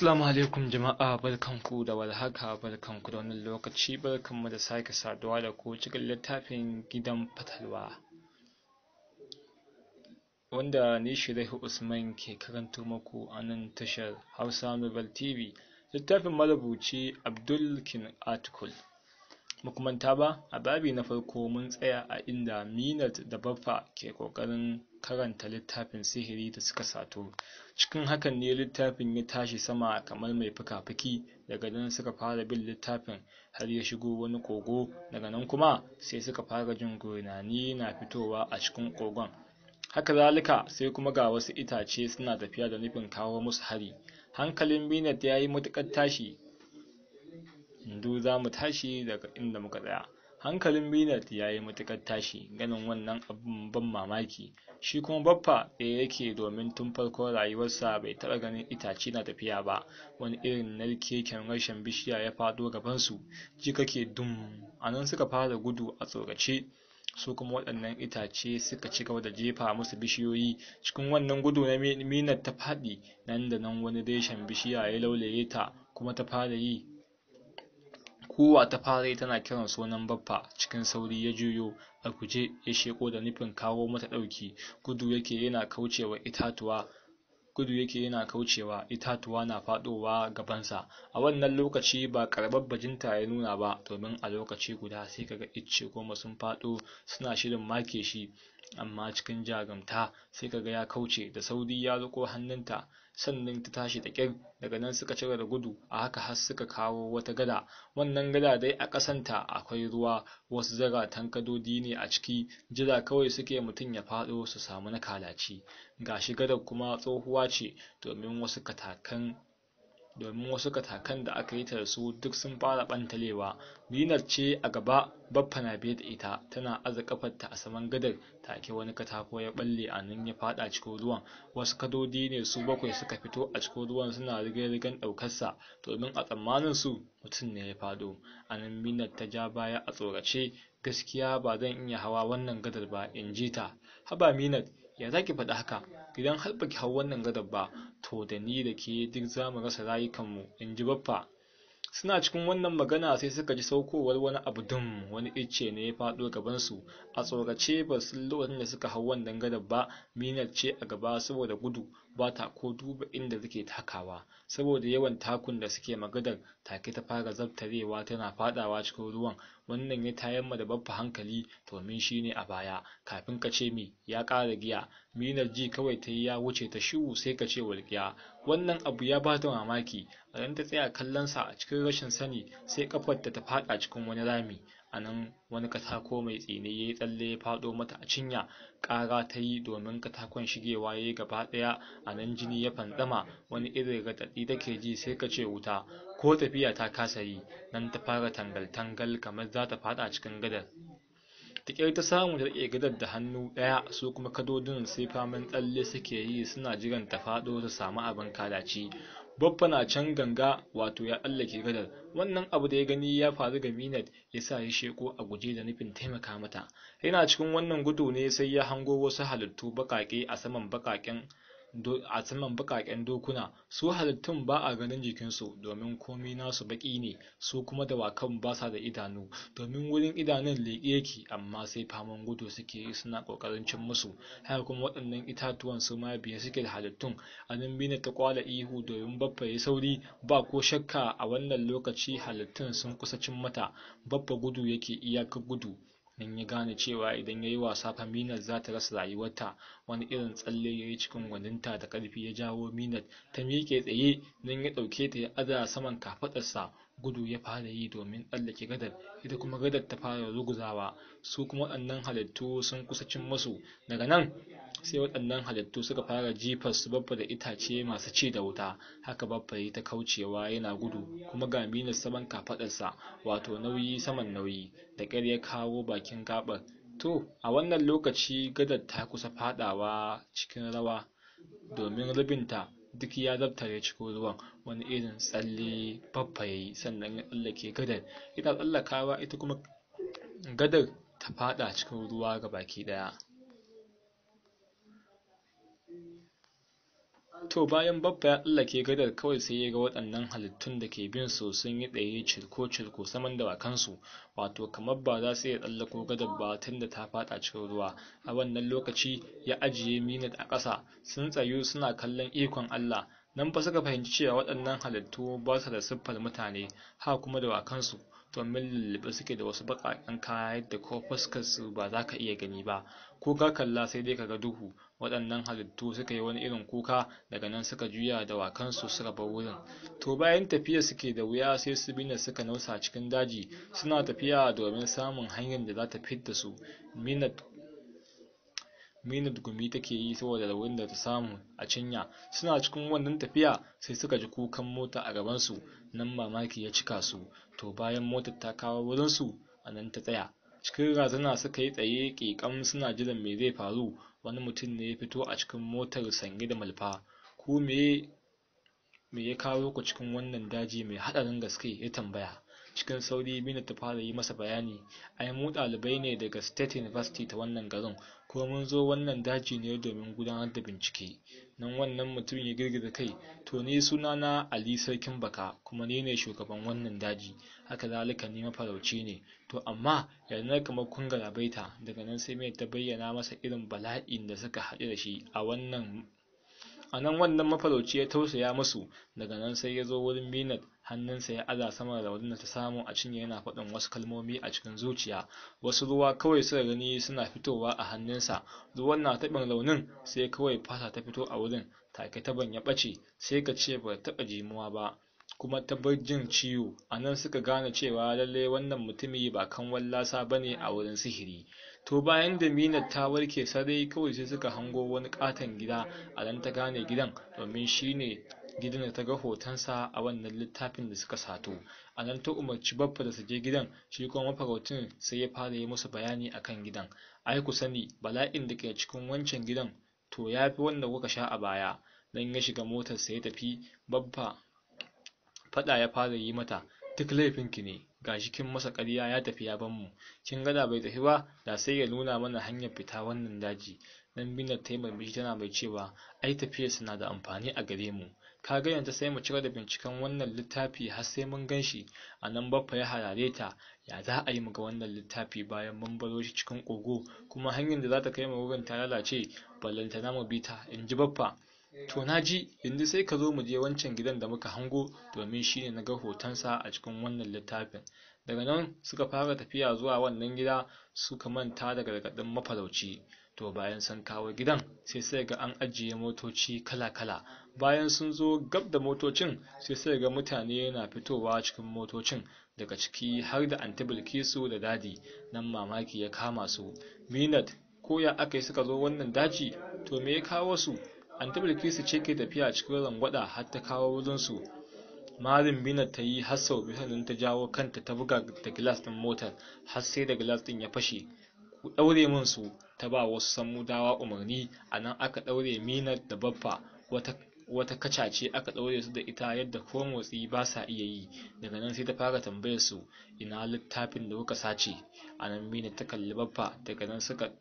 Assalamu alaikum jama'a barkanku da warhaka barkanku da wannan lokaci mu da sake saduwa da ku cikin littafin gidan fatalwa wanda ni Shirahi Usman ke karanto muku a nan tashar Hausa Novel TV littafin marubuci abdulkin Kin Article makumanta ba a babi na farko mun tsaya a inda Minat da Baffa ke kokarin karanta littafin sihiri da suka sato cikin hakan ne littafin ya tashi sama kamar mai fikafiki, daga nan suka fara bin littafin har ya shigo wani kogo daga nan kuma sai suka fara jin gurnani na fitowa a cikin kogon haka zalika sai kuma ga wasu itace suna tafiya da nufin kawo musu hari hankalin binet ya yi matuƙar tashi indu za tashi daga inda muka tsaya hankalin Binat ya yi matuƙar tashi ganin wannan abin ban mamaki shi kuma baffa da yake domin tun farko rayuwarsa bai taɓa ganin itace na tafiya ba wani irin narkeken rashin bishiya ya fado gabansu ji kake dum a nan suka fara gudu a tsorace su kuma waɗannan itace suka ci gaba da jefa musu bishiyoyi cikin wannan gudu na minar ta faɗi nan da nan wani reshen bishiya ya laulaye ta kuma ta fara yi kowa ta fara tana kiran sunan Baffa cikin sauri ya juyo a guje ya sheko da nufin kawo mata ɗauki, gudu yake yana kaucewa itatuwa gudu yake yana kaucewa itatuwa na faɗowa gabansa a wannan lokaci ba karɓar bajinta ya nuna ba domin a lokaci guda sai kaga icce goma sun faɗo suna shirin make shi amma cikin jarumta sai kaga ya kauce da sauri ya riƙo hannunta sannan ta tashi da ƙir? daga nan suka cire da gudu a haka har suka kawo wata gada wannan gada dai a ƙasanta akwai ruwa wasu zaratan kadodi ne a ciki jira kawai suke mutum ya faɗo su samu na kalaci gashi gadar kuma tsohuwa ce domin wasu katakan domin wasu katakan da aka yi ta da su duk sun fara ɓantalewa. dinar ce a gaba baffa na biye da ita tana aza kafarta a saman gadar take wani katako ya ɓalle a nan ya fada cikin ruwan wasu kadodi ne su bakwai suka fito a cikin ruwan suna rigar-rigar daukarsa domin a tsammanin su mutum ne ya fado a nan minar ta ja baya a tsorace gaskiya ba zan iya hawa wannan gadar ba in ji ta haba minat ya za ki faɗi haka idan har baki hau wannan gadar ba to da ni da ke duk za mu rasa rayukanmu in ji baffa suna cikin wannan magana sai suka ji saukowar wani abu dum wani icce ne ya faɗo gabansu a tsorace ba sun lokacin da suka hau wannan gadar ba minar ce a gaba saboda gudu Bata ko duba inda suke takawa saboda yawan takun da suke magadar take ta fara zabtarewa tana fadawa cikin ruwan wannan ya tayar ma da babba hankali domin shi ne a baya kafin ka ce mi ya ƙara giya minar ji kawai ta yi ya wuce ta shiru sai ka ce walƙiya wannan abu ya ba ta mamaki a ta tsaya kallon sa a cikin rashin sani sai kafarta ta fada cikin wani rami a nan wani katako mai tsini ya yi tsalle ya faɗo mata a cinya ƙara ta yi domin katakon shigewa ya yi gaba ɗaya a nan jini ya fanzama wani irin da take ji sai ka ce wuta ko tafiya ta kasa yi nan ta fara tangal-tangal kamar za ta faɗa cikin gadar ta ta samu da rike gadar da hannu ɗaya su kuma kadodin sai faman tsalle suke yi suna jiran ta faɗo ta samu abin kalaci babba na can ganga wato ya tsallake gadar. Wannan abu da ya gani ya faru ga Minet ya sa ya sheko a guje da nufin taimaka mata. Yana cikin wannan gudu ne sai ya hango wasu halittu baƙaƙe a saman baƙaƙen a saman baƙaƙen dokuna su halittun ba a ganin jikinsu domin komi nasu baki ne su kuma dawakan ba sa da idanu domin wurin idanun leƙe yake amma sai faman gudu suke yi suna ƙoƙarin cin musu haka kuma waɗannan itatuwan su ma biye suke da halittun na ta kwala ihu domin babba ya sauri ba ko shakka a wannan lokaci halittun sun kusa cin mata babba gudu yake iyakar gudu nan ya gane cewa idan ya yi wasa fa Minat za ta rasa rayuwarta wani irin tsalle ya yi cikin gwaninta da ƙarfi ya jawo Minat ta miƙe tsaye nan ya ɗauke ta ya aza saman kafaɗarsa gudu ya fara yi domin tsallake gadar ita kuma gadar ta fara ruguzawa su kuma waɗannan halittu sun kusa cin masu. daga nan sai waɗannan halittu suka fara jifar su babba da itace masu ci da wuta haka babba ya ta kaucewa yana gudu kuma ga na saman kafaɗarsa wato nauyi saman nauyi da ƙyar ya kawo bakin gaɓar to a wannan lokaci gadar ta kusa faɗawa cikin rawa domin rabinta duk ya zabtare cikin zuwan wani irin tsalle babba ya yi sannan ya tsallake gadar ita tsallakawa ita kuma gadar ta faɗa cikin ruwa ga baki ɗaya To bayan babba ya tsallake gadar kawai sai ya ga waɗannan halittun da ke bin su sun yi tsaye cirko-cirko saman da wakansu wato kamar ba za su iya tsallako gadar ba tun da ta faɗa cikin ruwa. A wannan lokaci ya ajiye minit a ƙasa, sun tsayu suna kallon ikon Allah. Nan fa suka fahimci cewa waɗannan halittu ba su da siffar mutane, ha kuma da wakansu domin lullube suke da wasu baƙaƙen kaya yadda ko fuskarsu ba za ka iya gani ba, ko ka kalla sai dai ka ga duhu. Waɗannan halittu suka yi wani irin kuka, daga nan suka juya da dawakansu suka bar wurin. To bayan tafiyar suke da wuya sai su bina suka nausa cikin daji, suna tafiya domin samun hanyar da za ta fitar da su. Minat Minut gumi take yi saboda raunin da ta samu a cinya. Suna cikin wannan tafiya sai suka ji kukan mota a gabansu, nan mamaki ya cika su. To bayan motar ta kawo wurinsu, a nan ta tsaya. Cikin razana suka yi tsaye ƙiƙam suna jiran me zai faru. Wani mutum ne ya fito a cikin motar sanye da malfa. ko me me ya kawo ku cikin wannan daji mai haɗarin gaske? ya tambaya. cikin sauri bina ta fara yi masa bayani ai mu ɗalibai ne daga State University ta wannan garin ko mun zo wannan daji ne domin gudanar da bincike nan wannan mutum ya girgiza kai to ni suna na Ali Sarkin Baka kuma ni ne shugaban wannan daji haka zalika ni mafarauci ne to amma yanzu kamar kun garabaita daga nan sai mai ta bayyana masa irin bala'in da suka haɗu da shi a wannan a nan wannan mafarauci ya tausaya musu daga nan sai ya zo wurin Minna. hannunsa ya aza saman raunin ta samu a cinye yana faɗin wasu kalmomi a cikin zuciya wasu ruwa kawai suka gani suna fitowa a hannunsa ruwan na taɓin raunin sai kawai fata ta fito a wurin take taban ya ɓace sai ka ce ba taɓa jimuwa ba kuma ta bar jin ciwo a nan suka gane cewa lallai wannan mutumi ba kan wallasa ba ne a wurin sihiri to bayan da minar ta warke sarai kawai sai suka hango wani katon gida a nan ta gane gidan domin shine gidan da ta ga hotonsa a wannan littafin da suka sato a nan ta umarci babba da su je gidan shi kuma mafarautin sai ya fara yi musu bayani akan gidan ai ku sani bala'in da ke cikin wancan gidan to ya fi wanda kuka sha a baya dan ya shiga motar motarsa ya tafi babba faɗa ya fara yi mata duk laifinki ne gashi kin masa ƙarya ya tafi ya ban mu kin gada bai tafi ba da sai ya nuna mana hanyar fita wannan daji dan binar ta yi tana mai cewa ai tafiyarsa na da amfani a gare mu kaga yanzu sai mu gaba da binciken wannan littafi har sai mun ganshi. a nan baffa ya harare ta ya za a yi mu wannan littafi bayan mun baro shi cikin kogo kuma hanyar da za ta kai mu wurin ta lalace na mu bi ta in ji baffa to na ji yanzu sai ka zo mu je wancan gidan da muka hango domin shi ne na ga hotonsa a cikin wannan littafin daga nan suka fara tafiya zuwa wannan gida suka manta da gargaɗin mafarauci to bayan sun kawo gidan sai sai ga an ajiye motoci kala-kala bayan sun zo gab da motocin sai sai ga mutane na fitowa cikin motocin daga ciki har da anti bilkisu da dadi nan mamaki ya kama su minat ko ya aka yi suka zo wannan daji to me ya kawo su anti bilkisu ce ke tafiya cikin rangwada har ta kawo wajen su marin minat ta yi har sau ta jawo kanta ta buga da gilas din motar har sai da gilas din ya fashe ku daure min su ta ba wasu dawa umarni a nan aka daure minat da baffa wata wata kaca ce aka ɗaure su da ita yadda ko motsi ba sa iya yi daga nan sai ta fara tambayar su ina littafin da kuka sace a nan mina ta kalli babba daga nan suka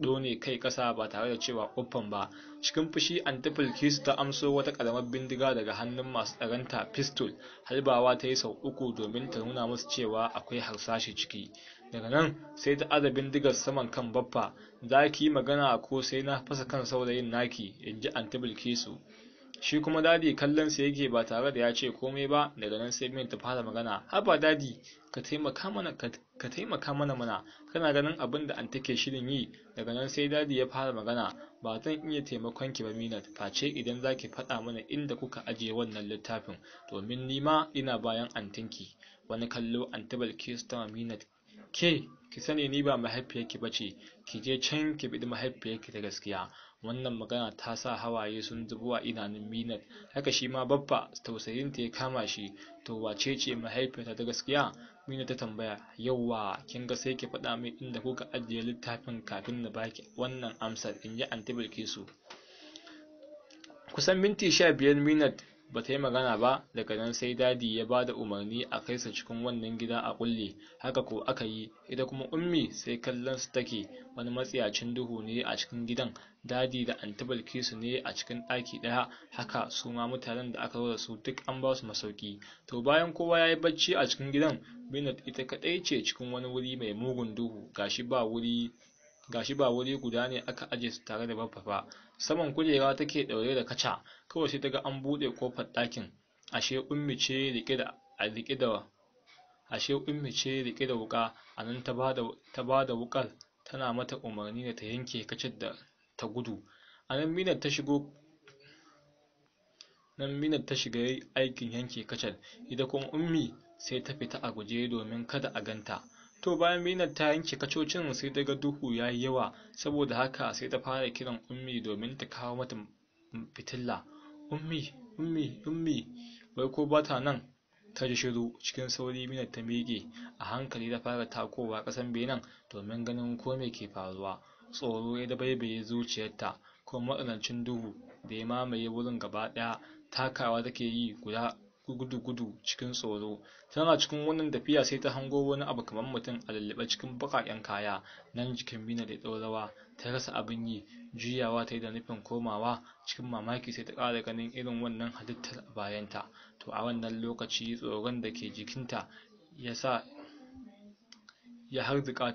ɗone kai ƙasa ba tare da cewa uffan ba cikin fushi antifil kisu ta amso wata ƙaramar bindiga daga hannun masu tsaranta pistol halbawa ta yi sau uku domin ta nuna musu cewa akwai harsashi ciki daga nan sai ta aza bindigar saman kan baffa za ki yi magana ko sai na fasa kan saurayin naki in ji antifil kisu shi kuma dadi kallon sa yake ba tare da ya ce komai ba daga nan sai mai ta fara magana haba dadi ka taimaka mana ka taimaka mana mana kana ganin abin da an take shirin yi daga nan sai dadi ya fara magana ba zan iya taimakon ki ba minat face idan zaki faɗa mana inda kuka ajiye wannan littafin domin ni ma ina bayan antinki wani kallo antibal kistan minat ke ki sani ni ba mahaifiyarki bace ki je can ki biɗi mahaifiyarki ta gaskiya wannan magana ta sa hawaye sun zubo a idanun Minat haka shi ma babba tausayin ta ya kama shi to wace ce mahaifiyarta ta gaskiya Mina ta tambaya yauwa kin ga sai ki faɗa min inda kuka ajiye littafin kafin na baki wannan amsar in ji anti Bilkisu kusan minti sha biyar Minat ba ta yi magana ba daga nan sai dadi ya ba da umarni a kai sa cikin wannan gida a kulle haka ko aka yi ita kuma ummi sai kallon su take wani matsiyacin duhu ne a cikin gidan dadi da antibal kisu ne a cikin ɗaki ɗaya haka su ma mutanen da aka da su duk an ba su masauki to bayan kowa ya yi bacci a cikin gidan binat ita kadai ce cikin wani wuri mai mugun duhu gashi ba wuri gashi ba wuri guda ne aka aje su tare da baffafa saman kujera take daure da kaca kawai sai ta ga an bude kofar ɗakin ashe ummi ce rike da a rike da ashe ummi ce rike da wuƙa a nan ta bada wukar wuƙar tana mata umarni da ta yanke kacin da ta gudu a nan minar ta shigo nan mina ta shiga aikin yanke kacin ita kuma ummi sai ta fita a guje domin kada a ganta To bayan binar ta yanke kacocin sai ta ga duhu ya yi yawa saboda haka sai ta fara kiran Ummi domin ta kawo mata fitila. Ummi, Ummi, Ummi, wai ko bata nan? Ta ji shiru cikin sauri binar ta miƙe a hankali ta fara takowa ƙasan benen domin ganin ko me ke faruwa. Tsoro ya dabaibaye zuciyarta kuma matsanancin duhu da ya mamaye wurin gaba ɗaya takawa take yi guda gudu-gudu cikin tsoro tana cikin wannan tafiya sai ta hango wani abu kamar mutum a lallaɓe cikin baƙaƙen kaya nan jikin mina da ɗorawa ta rasa abin yi juyawa ta yi da nufin komawa cikin mamaki sai ta ƙara ganin irin wannan halittar a bayanta to a wannan lokaci tsoron da ke jikinta ya sa ya harzuka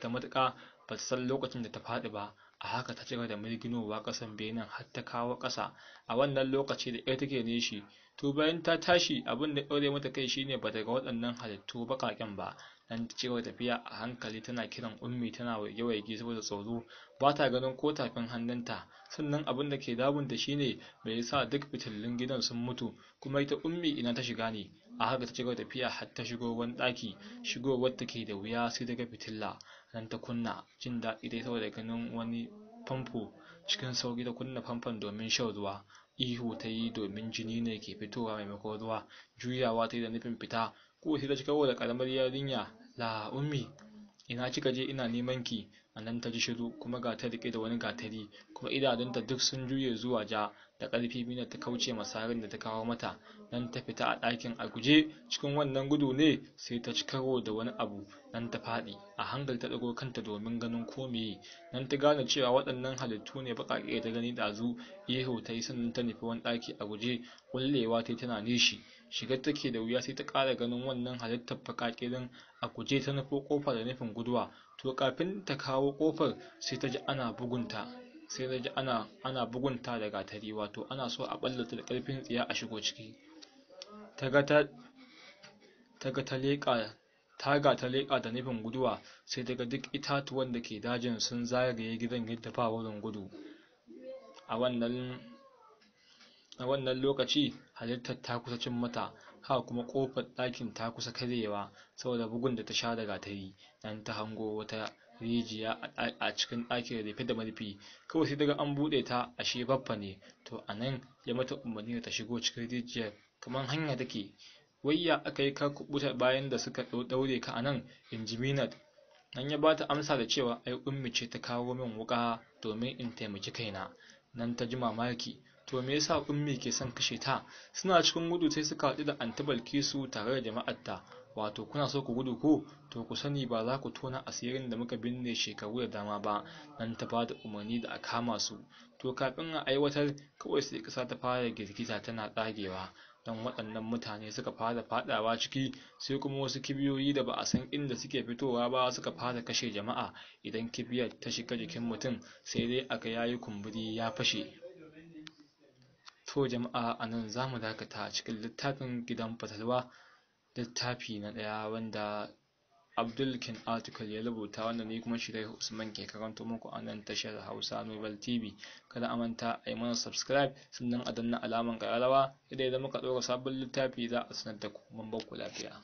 ta matuƙa ba ta san lokacin da ta faɗi ba a haka ta cigaba da mirginowa ƙasan benin har ta kawo ƙasa a wannan lokaci da ita take nishi to bayan ta tashi abin da ɗaure mata kai shine ba daga waɗannan halittu baƙaƙen ba nan cewa tafiya a hankali tana kiran ummi tana waige-waige saboda tsoro ba ta ganin ko tafin hannunta sannan abin da ke ta shine me yasa duk fitillun gidan sun mutu kuma ita ummi ina ta shiga ne a haka ta cigaba tafiya har ta shigo wani ɗaki shigowar ta ke da wuya sai daga fitilla nan ta kunna jin daɗi dai saboda ganin wani famfo cikin sauri ta kunna famfon domin shan ruwa ihu ta yi domin jini ne ke fitowa maimakon ruwa juyawa ta yi da nufin fita ko sai ta ci kawo da ƙaramar yarinya, la ummi, ina kika je ina neman ki, a nan ta ji shiru kuma ga ta rike da wani gatari, kuma idanunta duk sun juye zuwa ja, da ƙarfi Mina ta kauce ma da ta kawo mata, nan ta fita a ɗakin a guje, cikin wannan gudu ne sai ta ci karo da wani abu, nan ta faɗi, a hankali ta ɗago kanta domin ganin ko meye, nan ta gane cewa waɗannan halittu ne baƙaƙe da ta gani ɗazu, ihu ta yi sannan ta nufi wani ɗaki a guje, ƙullewa ta yi tana nishi. shigar take da wuya sai ta kara ganin wannan halittar baƙaƙirin a guje ta nufo kofar da nufin guduwa to kafin ta kawo kofar sai ta ji ana bugunta sai ta ji ana bugunta da gatari wato ana so a ɓallata da karfin tsiya a shigo ciki ta ga ta leƙa taga ta leƙa da nufin guduwa sai daga duk itatuwan da ke dajin sun zagaye gidan yadda ba wurin gudu a wannan a wannan lokaci halittar ta kusa cin mata haka kuma kofar ɗakin ta kusa karyewa saboda bugun da ta sha daga ta yi nan ta hango wata rijiya a cikin ɗakin rufe da murfi kawai sai daga an buɗe ta ashe baffa ne to a nan ya mata umarni ta shigo cikin rijiyar kamar hanya take wayya aka yi ka bayan da suka ɗaure ka a nan in ji minat nan ya ba ta amsa da cewa ai ummi ce ta kawo min wuƙa domin in taimaki kaina nan ta ji mamaki to me yasa ummi ke son kashe ta suna cikin gudu sai suka haɗu da anti balkisu tare da jama'arta wato kuna so ku gudu ko to ku sani ba za ku tona asirin da muka binne shekaru da dama ba nan ta bada umarni da a kama su to kafin a aiwatar kawai sai ƙasa ta fara girgiza tana tsagewa don waɗannan mutane suka fara faɗawa ciki sai kuma wasu kibiyoyi da ba a san inda suke fitowa ba suka fara kashe jama'a idan kibiyar ta shiga jikin mutum sai dai aka yayi kumburi ya fashe To jama'a a nan za mu dakata a cikin littafin gidan fatalwa littafi na ɗaya wanda abdulkin Article ya rubuta wanda ni kuma dai Usman ke karanto muku a nan tashar Hausa Nobel TV. Kada a manta a yi mana subscribe sannan a danna alamar ƙararrawa idan muka ɗora sabon littafi za a sanar da ku mun ku lafiya.